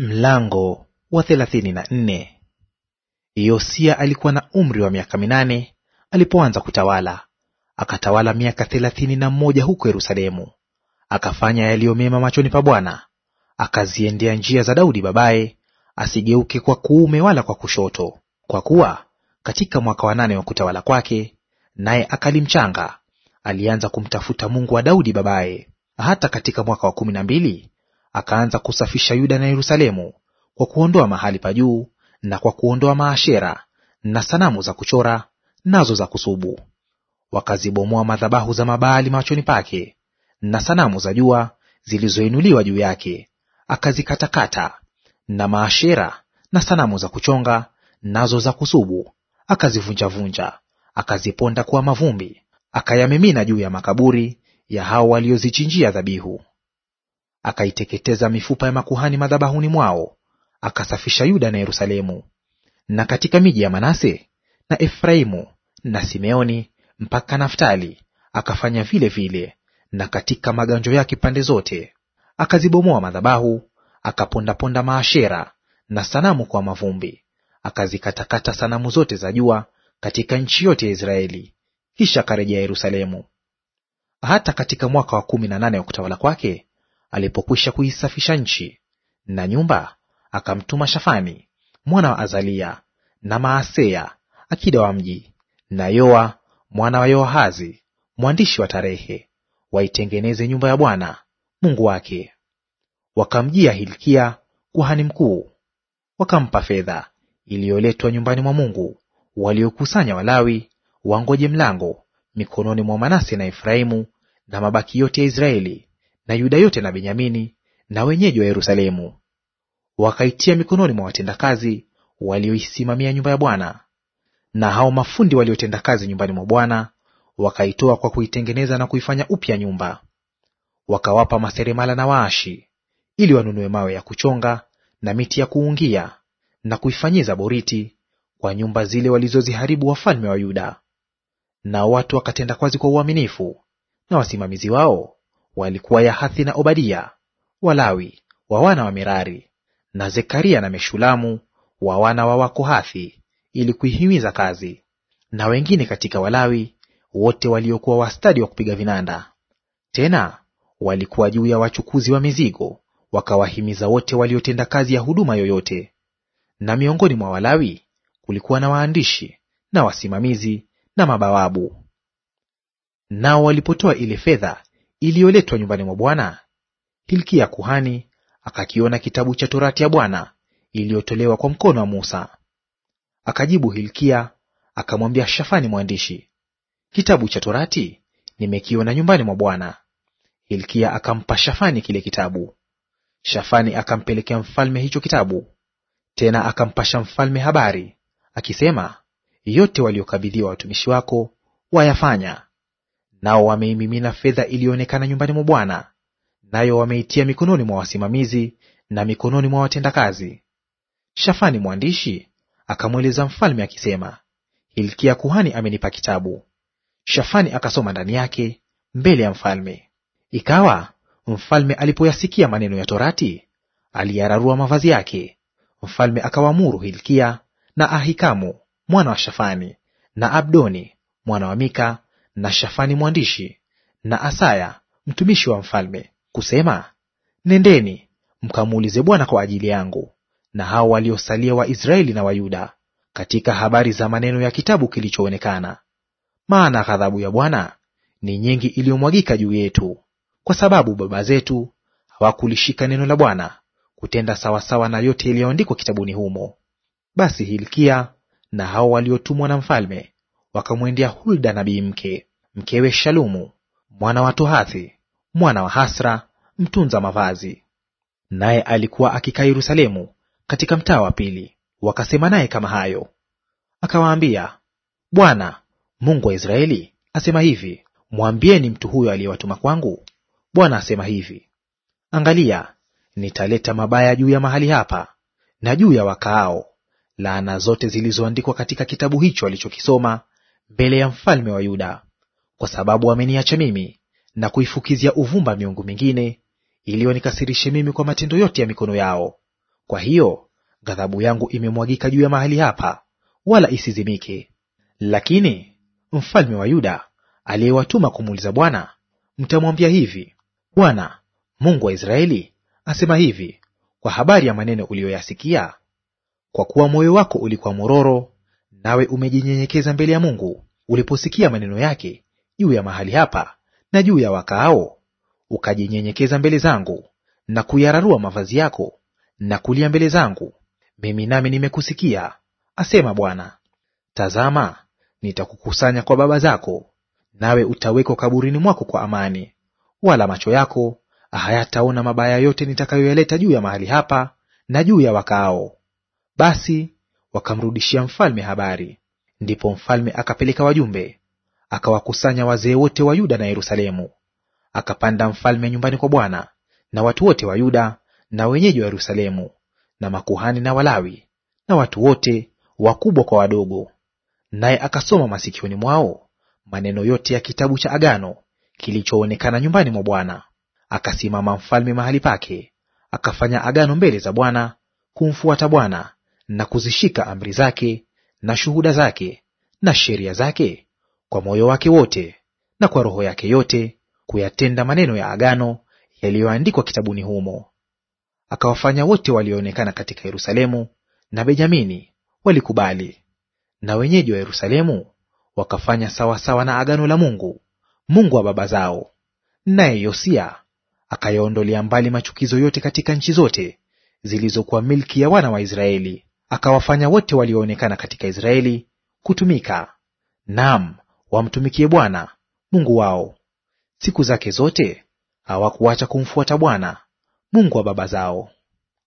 Mlango wa thelathini na nne. Yosia alikuwa na umri wa miaka minane alipoanza kutawala, akatawala miaka thelathini na mmoja huko Yerusalemu. Akafanya yaliyo mema machoni pa Bwana, akaziendea njia za Daudi babaye, asigeuke kwa kuume wala kwa kushoto. Kwa kuwa katika mwaka wa nane wa kutawala kwake, naye akalimchanga, alianza kumtafuta Mungu wa Daudi babaye. Hata katika mwaka wa kumi na mbili akaanza kusafisha Yuda na Yerusalemu kwa kuondoa mahali pa juu na kwa kuondoa maashera na sanamu za kuchora nazo za kusubu. Wakazibomoa madhabahu za Mabaali machoni pake na sanamu za jua zilizoinuliwa juu yake akazikatakata, na maashera na sanamu za kuchonga nazo za kusubu akazivunjavunja, akaziponda kuwa mavumbi, akayamimina juu ya makaburi ya hao waliozichinjia dhabihu akaiteketeza mifupa ya makuhani madhabahuni mwao, akasafisha Yuda na Yerusalemu. Na katika miji ya Manase na Efraimu na Simeoni mpaka Naftali akafanya vile vile, na katika maganjo yake pande zote akazibomoa madhabahu, akapondaponda maashera na sanamu kwa mavumbi, akazikatakata sanamu zote za jua katika nchi yote ya Israeli. Kisha akarejea Yerusalemu. Hata katika mwaka wa kumi na nane wa kutawala kwake alipokwisha kuisafisha nchi na nyumba, akamtuma Shafani mwana wa Azalia na Maaseya akida wa mji na Yoa mwana wa Yoahazi mwandishi wa tarehe, waitengeneze nyumba ya Bwana Mungu wake. Wakamjia Hilkia kuhani mkuu, wakampa fedha iliyoletwa nyumbani mwa Mungu, waliokusanya Walawi wangoje mlango mikononi mwa Manase na Efraimu na mabaki yote ya Israeli na Yuda yote na Benyamini na wenyeji wa Yerusalemu, wakaitia mikononi mwa watendakazi walioisimamia nyumba ya Bwana, na hao mafundi waliotenda kazi nyumbani mwa Bwana wakaitoa kwa kuitengeneza na kuifanya upya nyumba. Wakawapa maseremala na waashi, ili wanunue mawe ya kuchonga na miti ya kuungia na kuifanyiza boriti kwa nyumba zile walizoziharibu wafalme wa Yuda. na watu wakatenda kazi kwa uaminifu, na wasimamizi wao walikuwa Yahathi na Obadia Walawi wa wana wa Merari, na Zekaria na Meshulamu wa wana wa Wakohathi ili kuihimiza kazi, na wengine katika Walawi wote waliokuwa wastadi wa kupiga vinanda. Tena walikuwa juu ya wachukuzi wa mizigo, wakawahimiza wote waliotenda kazi ya huduma yoyote. Na miongoni mwa Walawi kulikuwa na waandishi na wasimamizi na mabawabu. Nao walipotoa ile fedha iliyoletwa nyumbani mwa Bwana, Hilkia kuhani akakiona kitabu cha torati ya Bwana iliyotolewa kwa mkono wa Musa. Akajibu Hilkia akamwambia Shafani mwandishi, kitabu cha torati nimekiona nyumbani mwa Bwana. Hilkia akampa Shafani kile kitabu. Shafani akampelekea mfalme hicho kitabu, tena akampasha mfalme habari akisema, yote waliokabidhiwa watumishi wako wayafanya nao wameimimina fedha iliyoonekana nyumbani mwa Bwana, nayo wameitia mikononi mwa wasimamizi na mikononi mwa watendakazi. Shafani mwandishi akamweleza mfalme akisema, Hilkia kuhani amenipa kitabu. Shafani akasoma ndani yake mbele ya mfalme. Ikawa mfalme alipoyasikia maneno ya Torati, aliyararua mavazi yake. Mfalme akawaamuru Hilkia na Ahikamu mwana wa Shafani na Abdoni mwana wa Mika na Shafani mwandishi na Asaya mtumishi wa mfalme kusema, nendeni mkamuulize Bwana kwa ajili yangu na hao waliosalia wa Israeli na wa Yuda katika habari za maneno ya kitabu kilichoonekana. Maana ghadhabu ya Bwana ni nyingi iliyomwagika juu yetu, kwa sababu baba zetu hawakulishika neno la Bwana kutenda sawasawa na yote yaliyoandikwa kitabuni humo. Basi Hilkia na hao waliotumwa na mfalme wakamwendea Hulda nabii mke mkewe Shalumu mwana wa Tohathi mwana wa Hasra mtunza mavazi. Naye alikuwa akikaa Yerusalemu katika mtaa wa pili. Wakasema naye kama hayo. Akawaambia, Bwana Mungu wa Israeli asema hivi, mwambieni mtu huyo aliyewatuma kwangu, Bwana asema hivi, angalia, nitaleta mabaya juu ya mahali hapa na juu ya wakaao, laana zote zilizoandikwa katika kitabu hicho alichokisoma mbele ya mfalme wa Yuda kwa sababu wameniacha mimi na kuifukizia uvumba miungu mingine, ili wanikasirishe mimi kwa matendo yote ya mikono yao. Kwa hiyo ghadhabu yangu imemwagika juu ya mahali hapa, wala isizimike. Lakini mfalme wa Yuda aliyewatuma kumuuliza Bwana, mtamwambia hivi, Bwana Mungu wa Israeli asema hivi kwa habari ya maneno uliyoyasikia, kwa kuwa moyo wako ulikuwa mororo, nawe umejinyenyekeza mbele ya Mungu uliposikia maneno yake juu ya mahali hapa na juu ya wakaao, ukajinyenyekeza mbele zangu na kuyararua mavazi yako na kulia mbele zangu, mimi nami nimekusikia, asema Bwana. Tazama, nitakukusanya kwa baba zako, nawe utawekwa kaburini mwako kwa amani, wala macho yako hayataona mabaya yote nitakayoyaleta juu ya mahali hapa na juu ya wakaao. Basi wakamrudishia mfalme habari. Ndipo mfalme akapeleka wajumbe akawakusanya wazee wote wa Yuda na Yerusalemu. Akapanda mfalme nyumbani kwa Bwana na watu wote wa Yuda na wenyeji wa Yerusalemu na makuhani na Walawi na watu wote wakubwa kwa wadogo, naye akasoma masikioni mwao maneno yote ya kitabu cha agano kilichoonekana nyumbani mwa Bwana. Akasimama mfalme mahali pake, akafanya agano mbele za Bwana kumfuata Bwana na kuzishika amri zake na shuhuda zake na sheria zake kwa moyo wake wote na kwa roho yake yote kuyatenda maneno ya agano yaliyoandikwa kitabuni humo. Akawafanya wote walioonekana katika Yerusalemu na benyamini walikubali, na wenyeji wa Yerusalemu wakafanya sawasawa sawa na agano la Mungu, Mungu wa baba zao. Naye Yosia akayaondolea mbali machukizo yote katika nchi zote zilizokuwa milki ya wana wa Israeli, akawafanya wote walioonekana katika Israeli kutumika, naam wamtumikie Bwana Mungu wao. Siku zake zote hawakuacha kumfuata Bwana Mungu wa baba zao.